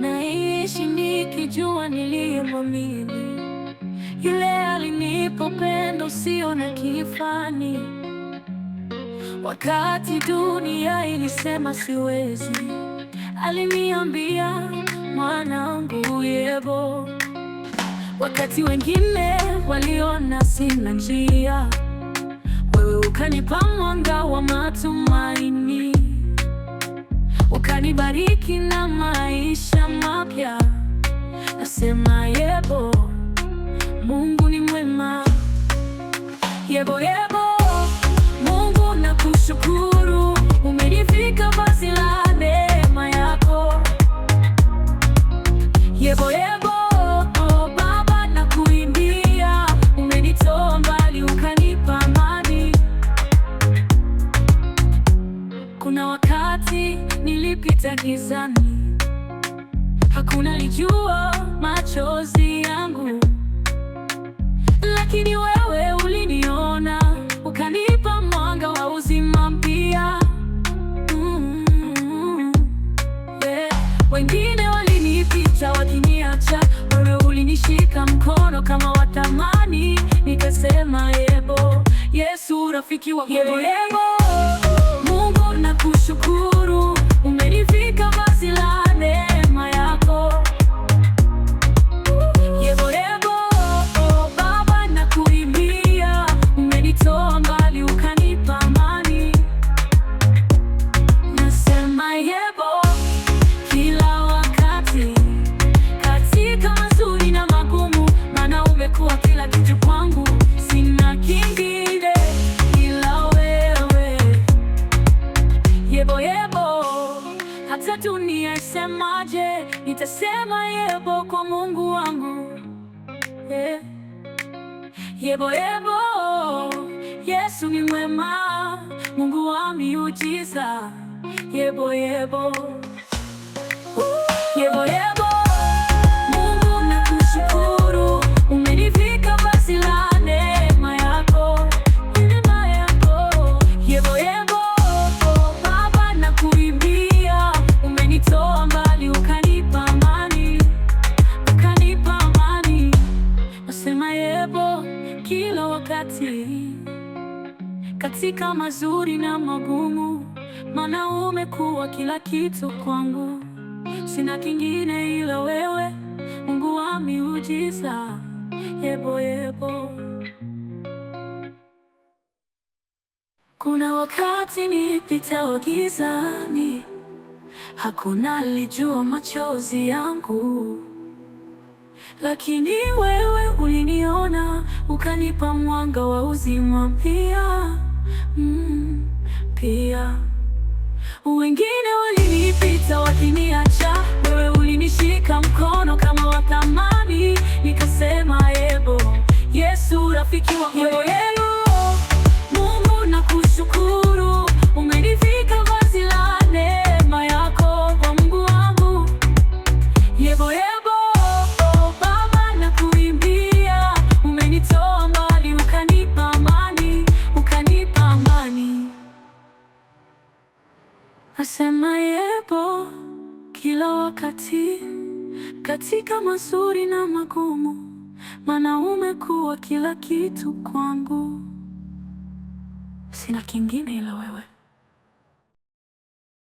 naishi nikijua niliyemwamini yule alinipa upendo usio na kifani, wakati dunia ilisema siwezi, aliniambia mwanangu, yebo. Wakati wengine waliona sina njia, wewe ukanipa mwanga wa matumaini kanibariki na maisha mapya. Nasema yebo, Mungu ni mwema. Yebo, yebo Mungu, nakushukuru umenivika vazi la neema yako. Yebo, yebo oh, Baba nakuimbia, umenitoa mbali ukanipa amani. Kuna wakati wakati nilipita gizani, hakuna lijua machozi yangu, lakini wewe uliniona ukanipa mwanga wa uzima mpya. mm -hmm. yeah. Wengine walinipita wakiniacha, wewe ulinishika mkono kama watamani, nikasema yebo, Yesu rafiki wa yebo, yebo. Mungu nakushukuru kila kitu kwangu, sina kingine ila wewe. Yebo yebo, hata dunia isemaje, nitasema yebo kwa Mungu wangu yeah. Yebo yebo, Yesu ni mwema, Mungu wa miujiza. Yebo yebo, yebo yebo nayepo kila wakati, katika mazuri na magumu, maana umekuwa kila kitu kwangu. Sina kingine ila wewe, Mungu wa miujiza, yebo yebo. Kuna wakati nilipita gizani, hakuna alijua machozi yangu lakini wewe uliniona ukanipa mwanga wa uzima pia, mm, pia wengine walinipita wakiniacha, wewe ulinishika mkono kama wa thamani, nikasema ebo Yesu rafiki wa kweli Yepo kila wakati, katika mazuri na magumu, maana umekuwa kila kitu kwangu, sina kingine ila wewe.